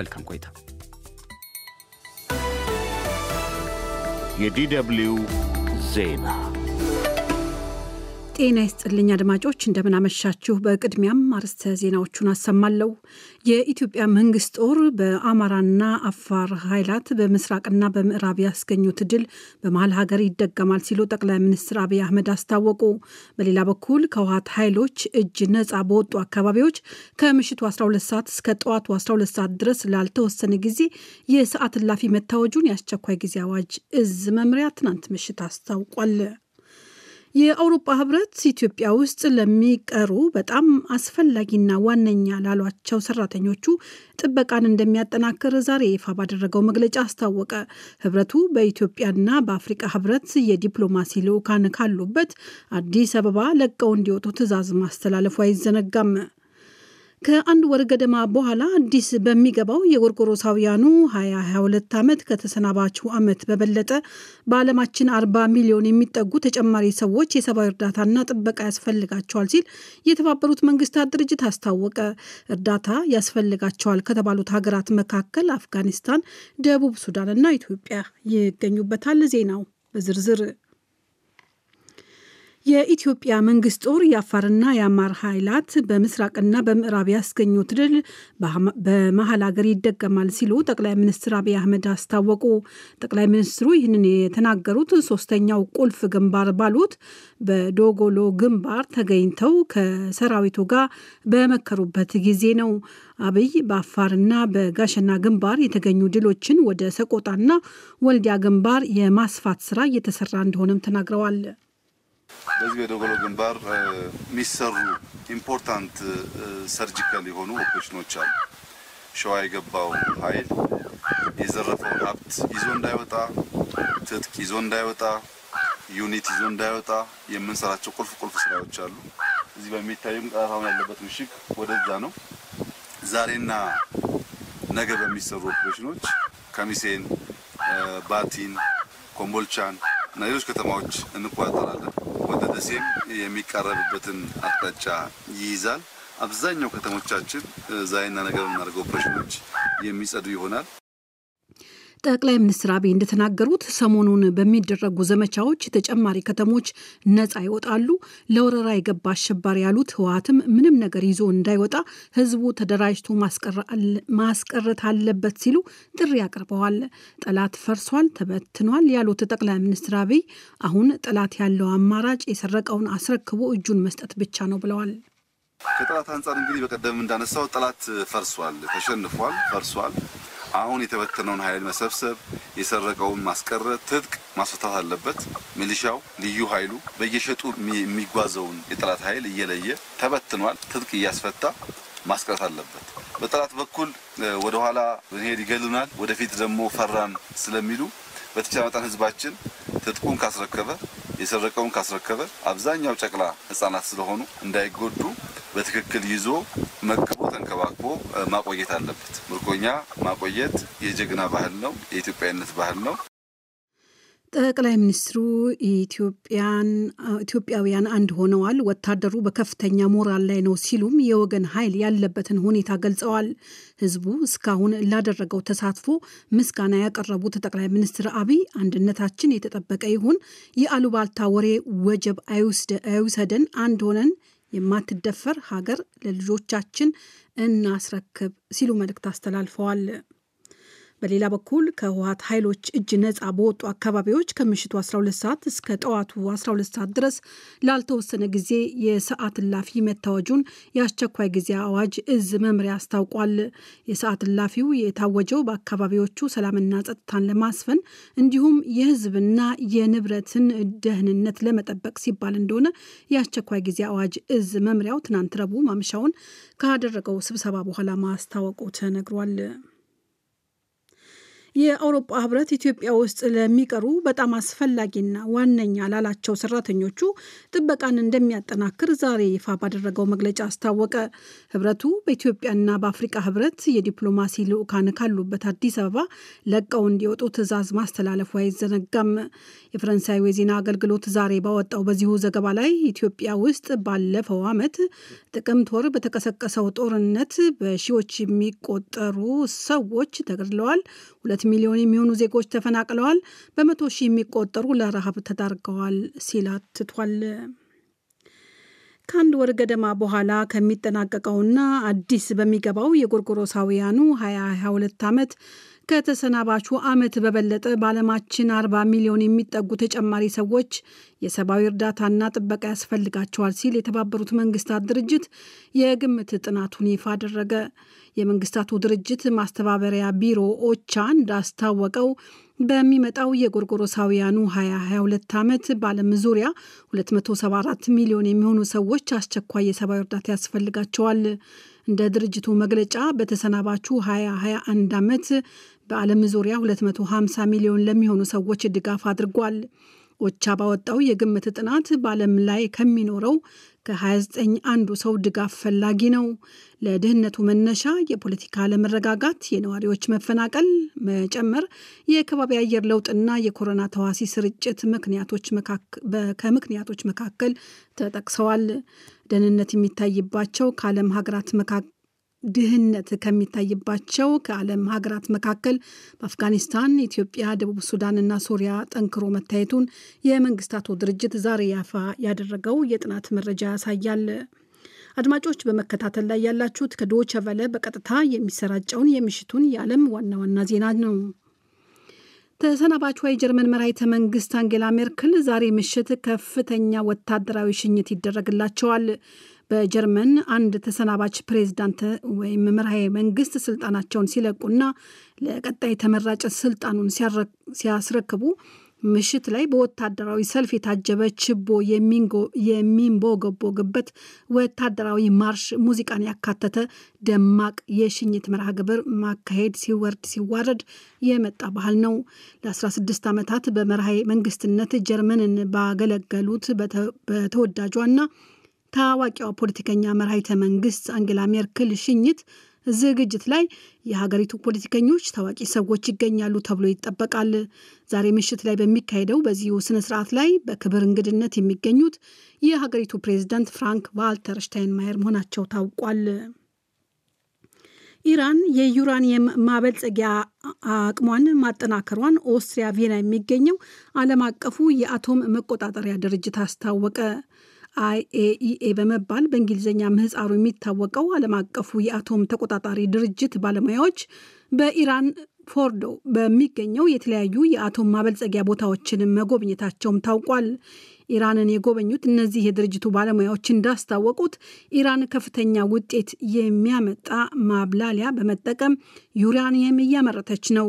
መልካም ቆይታ። የዲ ዜና ጤና ይስጥልኝ አድማጮች፣ እንደምናመሻችሁ። በቅድሚያም አርዕስተ ዜናዎቹን አሰማለሁ። የኢትዮጵያ መንግስት ጦር በአማራና አፋር ኃይላት በምስራቅና በምዕራብ ያስገኙት ድል በመሀል ሀገር ይደገማል ሲሉ ጠቅላይ ሚኒስትር አብይ አህመድ አስታወቁ። በሌላ በኩል ከውሃት ኃይሎች እጅ ነፃ በወጡ አካባቢዎች ከምሽቱ 12 ሰዓት እስከ ጠዋቱ 12 ሰዓት ድረስ ላልተወሰነ ጊዜ የሰዓት እላፊ መታወጁን የአስቸኳይ ጊዜ አዋጅ እዝ መምሪያ ትናንት ምሽት አስታውቋል። የአውሮፓ ህብረት ኢትዮጵያ ውስጥ ለሚቀሩ በጣም አስፈላጊና ዋነኛ ላሏቸው ሰራተኞቹ ጥበቃን እንደሚያጠናክር ዛሬ ይፋ ባደረገው መግለጫ አስታወቀ። ህብረቱ በኢትዮጵያና በአፍሪቃ ህብረት የዲፕሎማሲ ልዑካን ካሉበት አዲስ አበባ ለቀው እንዲወጡ ትዕዛዝ ማስተላለፉ አይዘነጋም። ከአንድ ወር ገደማ በኋላ አዲስ በሚገባው የጎርጎሮሳውያኑ 2022 ዓመት ከተሰናባችው ዓመት በበለጠ በዓለማችን 40 ሚሊዮን የሚጠጉ ተጨማሪ ሰዎች የሰብአዊ እርዳታና ጥበቃ ያስፈልጋቸዋል ሲል የተባበሩት መንግስታት ድርጅት አስታወቀ። እርዳታ ያስፈልጋቸዋል ከተባሉት ሀገራት መካከል አፍጋኒስታን፣ ደቡብ ሱዳን እና ኢትዮጵያ ይገኙበታል። ዜናው በዝርዝር የኢትዮጵያ መንግስት ጦር የአፋርና የአማር ኃይላት በምስራቅና በምዕራብ ያስገኙት ድል በመሀል ሀገር ይደገማል ሲሉ ጠቅላይ ሚኒስትር አብይ አህመድ አስታወቁ። ጠቅላይ ሚኒስትሩ ይህንን የተናገሩት ሶስተኛው ቁልፍ ግንባር ባሉት በዶጎሎ ግንባር ተገኝተው ከሰራዊቱ ጋር በመከሩበት ጊዜ ነው። አብይ በአፋርና በጋሸና ግንባር የተገኙ ድሎችን ወደ ሰቆጣና ወልዲያ ግንባር የማስፋት ስራ እየተሰራ እንደሆነም ተናግረዋል። በዚህ በደጎሎ ግንባር የሚሰሩ ኢምፖርታንት ሰርጂካል የሆኑ ኦፕሬሽኖች አሉ። ሸዋ የገባው ኃይል የዘረፈውን ሀብት ይዞ እንዳይወጣ፣ ትጥቅ ይዞ እንዳይወጣ፣ ዩኒት ይዞ እንዳይወጣ የምንሰራቸው ቁልፍ ቁልፍ ስራዎች አሉ። እዚህ በሚታይም ቀረፋም ያለበት ምሽግ ወደዛ ነው። ዛሬና ነገ በሚሰሩ ኦፕሬሽኖች ከሚሴን፣ ባቲን፣ ኮምቦልቻን እና ሌሎች ከተማዎች እንቆጣጠራለን። ደሴም የሚቃረብበትን አቅጣጫ ይይዛል። አብዛኛው ከተሞቻችን ዛሬና ነገር የምናደርገው ኦፕሬሽኖች የሚጸዱ ይሆናል። ጠቅላይ ሚኒስትር አብይ እንደተናገሩት ሰሞኑን በሚደረጉ ዘመቻዎች ተጨማሪ ከተሞች ነፃ ይወጣሉ። ለወረራ የገባ አሸባሪ ያሉት ህወሓትም ምንም ነገር ይዞ እንዳይወጣ ህዝቡ ተደራጅቶ ማስቀረት አለበት ሲሉ ጥሪ አቅርበዋል። ጠላት ፈርሷል፣ ተበትኗል ያሉት ጠቅላይ ሚኒስትር አብይ አሁን ጠላት ያለው አማራጭ የሰረቀውን አስረክቦ እጁን መስጠት ብቻ ነው ብለዋል። ከጠላት አንጻር እንግዲህ በቀደም እንዳነሳው ጠላት ፈርሷል፣ ተሸንፏል፣ ፈርሷል አሁን የተበተነውን ኃይል መሰብሰብ፣ የሰረቀውን ማስቀረት፣ ትጥቅ ማስፈታት አለበት። ሚሊሻው፣ ልዩ ኃይሉ በየሸጡ የሚጓዘውን የጠላት ኃይል እየለየ ተበትኗል፣ ትጥቅ እያስፈታ ማስቀረት አለበት። በጠላት በኩል ወደ ኋላ ብንሄድ ይገሉናል፣ ወደፊት ደግሞ ፈራን ስለሚሉ በተቻለ መጠን ህዝባችን ትጥቁን ካስረከበ የሰረቀውን ካስረከበ አብዛኛው ጨቅላ ህጻናት ስለሆኑ እንዳይጎዱ በትክክል ይዞ መግቦ ተንከባክቦ ማቆየት አለበት። ምርኮኛ ማቆየት የጀግና ባህል ነው፣ የኢትዮጵያዊነት ባህል ነው። ጠቅላይ ሚኒስትሩ ኢትዮጵያውያን አንድ ሆነዋል፣ ወታደሩ በከፍተኛ ሞራል ላይ ነው ሲሉም የወገን ኃይል ያለበትን ሁኔታ ገልጸዋል። ህዝቡ እስካሁን ላደረገው ተሳትፎ ምስጋና ያቀረቡት ጠቅላይ ሚኒስትር አብይ አንድነታችን የተጠበቀ ይሁን፣ የአሉባልታ ወሬ ወጀብ አይውሰደን፣ አንድ ሆነን የማትደፈር ሀገር ለልጆቻችን እናስረክብ ሲሉ መልእክት አስተላልፈዋል። በሌላ በኩል ከህወሀት ኃይሎች እጅ ነጻ በወጡ አካባቢዎች ከምሽቱ 12 ሰዓት እስከ ጠዋቱ 12 ሰዓት ድረስ ላልተወሰነ ጊዜ የሰዓት እላፊ መታወጁን የአስቸኳይ ጊዜ አዋጅ እዝ መምሪያ አስታውቋል። የሰዓት እላፊው የታወጀው በአካባቢዎቹ ሰላምና ጸጥታን ለማስፈን እንዲሁም የህዝብና የንብረትን ደህንነት ለመጠበቅ ሲባል እንደሆነ የአስቸኳይ ጊዜ አዋጅ እዝ መምሪያው ትናንት ረቡዕ ማምሻውን ካደረገው ስብሰባ በኋላ ማስታወቁ ተነግሯል። የአውሮፓ ህብረት ኢትዮጵያ ውስጥ ለሚቀሩ በጣም አስፈላጊና ዋነኛ ላላቸው ሰራተኞቹ ጥበቃን እንደሚያጠናክር ዛሬ ይፋ ባደረገው መግለጫ አስታወቀ። ህብረቱ በኢትዮጵያና በአፍሪቃ ህብረት የዲፕሎማሲ ልዑካን ካሉበት አዲስ አበባ ለቀው እንዲወጡ ትዕዛዝ ማስተላለፉ አይዘነጋም። የፈረንሳዩ የዜና አገልግሎት ዛሬ ባወጣው በዚሁ ዘገባ ላይ ኢትዮጵያ ውስጥ ባለፈው ዓመት ጥቅምት ወር በተቀሰቀሰው ጦርነት በሺዎች የሚቆጠሩ ሰዎች ተገድለዋል፣ ሁለት ሁለት ሚሊዮን የሚሆኑ ዜጎች ተፈናቅለዋል፣ በመቶ ሺህ የሚቆጠሩ ለረሃብ ተዳርገዋል ሲል አትቷል። ከአንድ ወር ገደማ በኋላ ከሚጠናቀቀውና አዲስ በሚገባው የጎርጎሮሳውያኑ 2022 ዓመት ከተሰናባቹ ዓመት በበለጠ በዓለማችን 40 ሚሊዮን የሚጠጉ ተጨማሪ ሰዎች የሰብአዊ እርዳታና ጥበቃ ያስፈልጋቸዋል ሲል የተባበሩት መንግስታት ድርጅት የግምት ጥናቱን ይፋ አደረገ። የመንግስታቱ ድርጅት ማስተባበሪያ ቢሮ ኦቻ እንዳስታወቀው በሚመጣው የጎርጎሮሳውያኑ 2022 ዓመት በዓለም ዙሪያ 274 ሚሊዮን የሚሆኑ ሰዎች አስቸኳይ የሰብአዊ እርዳታ ያስፈልጋቸዋል። እንደ ድርጅቱ መግለጫ በተሰናባቹ 2021 ዓመት በዓለም ዙሪያ 250 ሚሊዮን ለሚሆኑ ሰዎች ድጋፍ አድርጓል። ኦቻ ባወጣው የግምት ጥናት በዓለም ላይ ከሚኖረው ከ29 አንዱ ሰው ድጋፍ ፈላጊ ነው። ለድህነቱ መነሻ የፖለቲካ አለመረጋጋት፣ የነዋሪዎች መፈናቀል መጨመር፣ የከባቢ አየር ለውጥና የኮሮና ተዋሲ ስርጭት ከምክንያቶች መካከል ተጠቅሰዋል። ደህንነት የሚታይባቸው ከዓለም ሀገራት መካከል ድህነት ከሚታይባቸው ከዓለም ሀገራት መካከል በአፍጋኒስታን፣ ኢትዮጵያ፣ ደቡብ ሱዳንና ሶሪያ ጠንክሮ መታየቱን የመንግስታቱ ድርጅት ዛሬ ያፋ ያደረገው የጥናት መረጃ ያሳያል። አድማጮች በመከታተል ላይ ያላችሁት ከዶቸቨለ በቀጥታ የሚሰራጨውን የምሽቱን የዓለም ዋና ዋና ዜና ነው። ተሰናባቿ የጀርመን መራሂተ መንግስት አንጌላ ሜርክል ዛሬ ምሽት ከፍተኛ ወታደራዊ ሽኝት ይደረግላቸዋል። በጀርመን አንድ ተሰናባች ፕሬዚዳንት ወይም መርሃዊ መንግስት ስልጣናቸውን ሲለቁና ለቀጣይ ተመራጭ ስልጣኑን ሲያስረክቡ ምሽት ላይ በወታደራዊ ሰልፍ የታጀበ ችቦ የሚንቦገቦግበት ወታደራዊ ማርሽ ሙዚቃን ያካተተ ደማቅ የሽኝት መርሃ ግብር ማካሄድ ሲወርድ ሲዋረድ የመጣ ባህል ነው። ለ16 ዓመታት በመርሃ መንግስትነት ጀርመንን ባገለገሉት በተወዳጇና ታዋቂዋ ፖለቲከኛ መርሃይተ መንግስት አንግላ ሜርክል ሽኝት ዝግጅት ላይ የሀገሪቱ ፖለቲከኞች፣ ታዋቂ ሰዎች ይገኛሉ ተብሎ ይጠበቃል። ዛሬ ምሽት ላይ በሚካሄደው በዚሁ ስነ ስርዓት ላይ በክብር እንግድነት የሚገኙት የሀገሪቱ ፕሬዝዳንት ፍራንክ ቫልተር ሽታይንማየር መሆናቸው ታውቋል። ኢራን የዩራኒየም ማበልጸጊያ አቅሟን ማጠናከሯን ኦስትሪያ ቪየና የሚገኘው ዓለም አቀፉ የአቶም መቆጣጠሪያ ድርጅት አስታወቀ። አይኤኢኤ በመባል በእንግሊዝኛ ምህፃሩ የሚታወቀው ዓለም አቀፉ የአቶም ተቆጣጣሪ ድርጅት ባለሙያዎች በኢራን ፎርዶ በሚገኘው የተለያዩ የአቶም ማበልጸጊያ ቦታዎችን መጎብኘታቸውም ታውቋል። ኢራንን የጎበኙት እነዚህ የድርጅቱ ባለሙያዎች እንዳስታወቁት ኢራን ከፍተኛ ውጤት የሚያመጣ ማብላሊያ በመጠቀም ዩራኒየም እያመረተች ነው።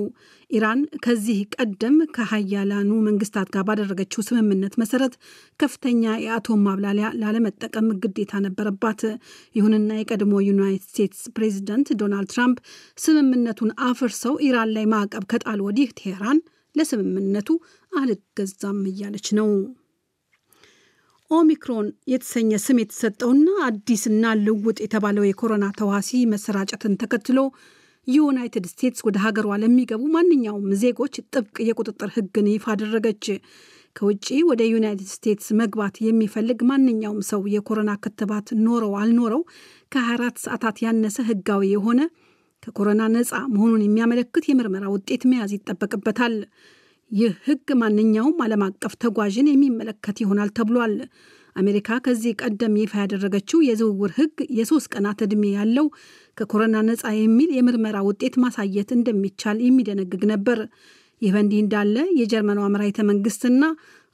ኢራን ከዚህ ቀደም ከሀያላኑ መንግስታት ጋር ባደረገችው ስምምነት መሰረት ከፍተኛ የአቶም ማብላሊያ ላለመጠቀም ግዴታ ነበረባት። ይሁንና የቀድሞ ዩናይትድ ስቴትስ ፕሬዚደንት ዶናልድ ትራምፕ ስምምነቱን አፍርሰው ኢራን ላይ ማዕቀብ ከጣል ወዲህ ቴሄራን ለስምምነቱ አልገዛም እያለች ነው። ኦሚክሮን የተሰኘ ስም የተሰጠውና አዲስና ልውጥ የተባለው የኮሮና ተዋሲ መሰራጨትን ተከትሎ ዩናይትድ ስቴትስ ወደ ሀገሯ ለሚገቡ ማንኛውም ዜጎች ጥብቅ የቁጥጥር ሕግን ይፋ አደረገች። ከውጭ ወደ ዩናይትድ ስቴትስ መግባት የሚፈልግ ማንኛውም ሰው የኮሮና ክትባት ኖረው አልኖረው ከ24 ሰዓታት ያነሰ ሕጋዊ የሆነ ከኮሮና ነፃ መሆኑን የሚያመለክት የምርመራ ውጤት መያዝ ይጠበቅበታል። ይህ ህግ ማንኛውም ዓለም አቀፍ ተጓዥን የሚመለከት ይሆናል ተብሏል። አሜሪካ ከዚህ ቀደም ይፋ ያደረገችው የዝውውር ህግ የሶስት ቀናት ዕድሜ ያለው ከኮሮና ነፃ የሚል የምርመራ ውጤት ማሳየት እንደሚቻል የሚደነግግ ነበር። ይህ በእንዲህ እንዳለ የጀርመኗ መራሒተ መንግስትና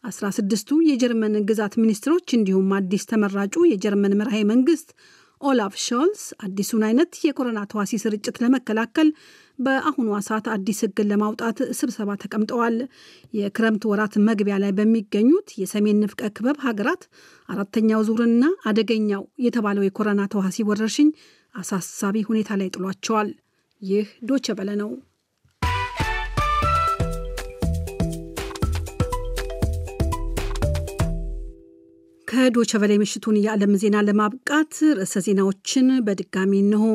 16ቱ የጀርመን ግዛት ሚኒስትሮች እንዲሁም አዲስ ተመራጩ የጀርመን መራሄ መንግስት ኦላፍ ሾልስ አዲሱን አይነት የኮሮና ተዋሲ ስርጭት ለመከላከል በአሁኗ ሰዓት አዲስ ህግን ለማውጣት ስብሰባ ተቀምጠዋል። የክረምት ወራት መግቢያ ላይ በሚገኙት የሰሜን ንፍቀ ክበብ ሀገራት አራተኛው ዙርና አደገኛው የተባለው የኮሮና ተዋሲ ወረርሽኝ አሳሳቢ ሁኔታ ላይ ጥሏቸዋል። ይህ ዶቸ በለ ነው። ከዶቸቨሌ ምሽቱን የዓለም ዜና ለማብቃት ርዕሰ ዜናዎችን በድጋሚ እንሆ።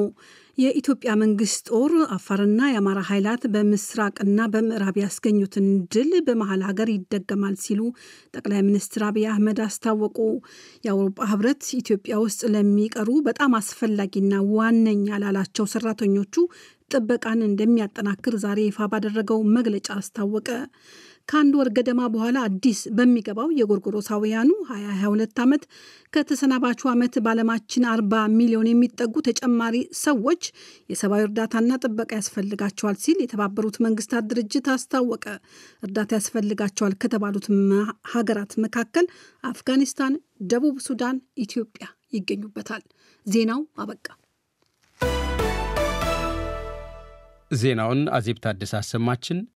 የኢትዮጵያ መንግስት ጦር አፋርና የአማራ ኃይላት በምስራቅና በምዕራብ ያስገኙትን ድል በመሀል ሀገር ይደገማል ሲሉ ጠቅላይ ሚኒስትር አብይ አህመድ አስታወቁ። የአውሮፓ ህብረት ኢትዮጵያ ውስጥ ለሚቀሩ በጣም አስፈላጊና ዋነኛ ላላቸው ሰራተኞቹ ጥበቃን እንደሚያጠናክር ዛሬ ይፋ ባደረገው መግለጫ አስታወቀ። ከአንድ ወር ገደማ በኋላ አዲስ በሚገባው የጎርጎሮሳውያኑ 2022 ዓመት ከተሰናባቹ ዓመት በዓለማችን 40 ሚሊዮን የሚጠጉ ተጨማሪ ሰዎች የሰብአዊ እርዳታና ጥበቃ ያስፈልጋቸዋል ሲል የተባበሩት መንግስታት ድርጅት አስታወቀ። እርዳታ ያስፈልጋቸዋል ከተባሉት ሀገራት መካከል አፍጋኒስታን፣ ደቡብ ሱዳን፣ ኢትዮጵያ ይገኙበታል። ዜናው አበቃ። ዜናውን አዜብ ታደሰ አሰማችን።